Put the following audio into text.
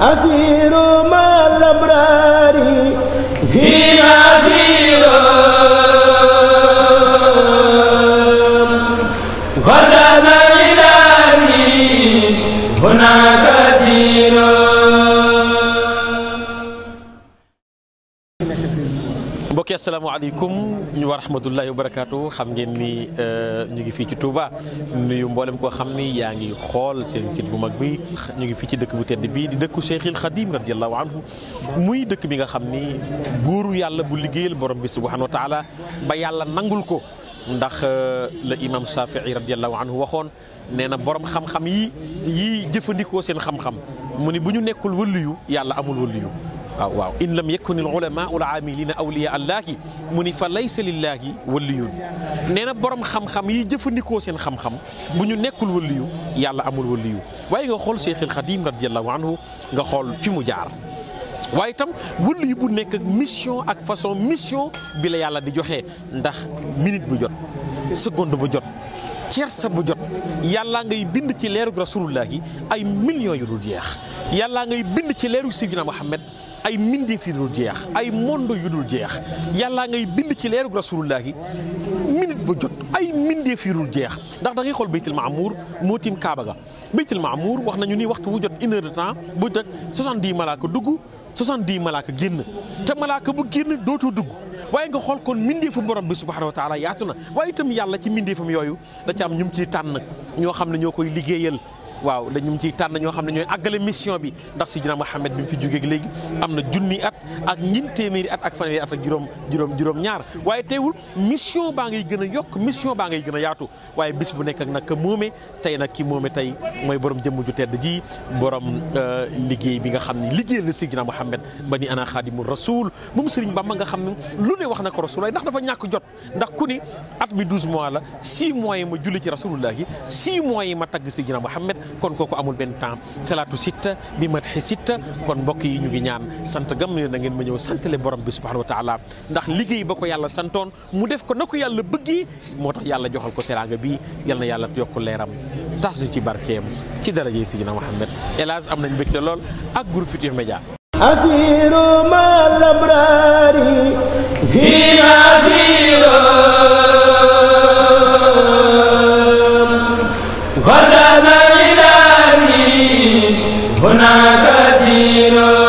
أسير مع الأبرار هي أسير غزل إلهي هناك أسير mbokki asalaamaaleykum wa rahmatullahi wa barakaatu xam ngeen ni euh, ñu ngi fii ci Touba nuyu mboolem koo xam ni yaa ngi xool seen site bu mag bi ñu ngi fii ci dëkk bu tedd bii di dëkku Cheikhil Khadim radiallahu anhu muy dëkk bi nga xam ni buuru yàlla bu liggéeyal borom bi subhanahu wa taala ba yàlla nangul ko ndax euh, la imam Shafii radiallahu anhu waxoon nee na borom xam-xam yi yi jëfandikoo seen xam-xam mu ni bu ñu nekkul wëllu yu yàlla amul wëllu yu waaw waawaaw in lam yakuni al ulamaau al amilina awliya allaahi mu ni fa laysa lillaahi waliyun nee na borom xam-xam yi jëfandikoo seen xam-xam bu ñu nekkul waliyu yàlla amul waliyu waaye nga xool Cheikh al Xadim radiallahu anhu nga xool fi mu jaar waaye itam waliyu bu nekk mission ak façon mission bila yàlla di joxe ndax minute bu jot seconde bu jot tierce bu jot yàlla ngay bind ci leerug rasulullah ay million yu dul jeex yàllaa ngay bind ci leeru Seydina Muhammad ay mbindeef yu dul jeex ay mondo yu dul jeex yàllaa ngay bind ci leerug rasulullah gi minute ba jot ay mbindeef yu dul jeex ndax da ngay xool baytul maamour moo tiim kaaba ga baytul maamour wax nañu ni waxtu wu jot une heure de temps bu teg soixante-dix malaaka dugg soixante-dix malaaka génn te malaaka bu génn dootoo dugg waaye nga xool kon mbindeefam borom bi subhanahu wa taala yaatu na waaye itam yàlla ci mbindeefam yooyu da ca am ñu mu ciy tànn ñoo xam ne ñoo koy liggéeyal waaw dañu ciy tànn ñoo xam ne ñooy àggale mission bi ndax Sidina Mohamed bi mu fi jógeeg léegi am na junni at ak ñin téeméeri at ak fanweeri at ak juróom juróom juróom ñaar waaye teewul mission baa ngay gën a yokk mission baa ngay gën a yaatu waaye bis bu nekk ak nag moome tey nag ki moome tey mooy borom jëmm ju tedd ji borom euh, liggéey bi nga xam ne liggéeyal na Sidina Mohamed ba ni ana xaadimu rasul moom Sëriñ Bamba nga xam ne lu ne wax na ko rasul waaye ndax dafa ñàkk jot ndax ku ni at mi douze mois la six mois yi ma julli ci rasulullah yi six mois yi ma tagg Sidina Mohamed kon kooku amul benn temps salaatu sitta bi matxi sitta kon mbokk yi ñu ngi ñaan sant gam ne na ngeen ma ñëw santale borom bi subhanahu wa taala ndax liggéey ba ko yàlla santoon mu def ko na ko yàlla bëggee moo tax yàlla joxal ko teraanga bi yal na yàlla yokk leeram tas ci barkeem ci darajey Sidina Muhammad hélas am nañ mbégte lool ak groupe Futurs Médias asiru mal abrari خيرا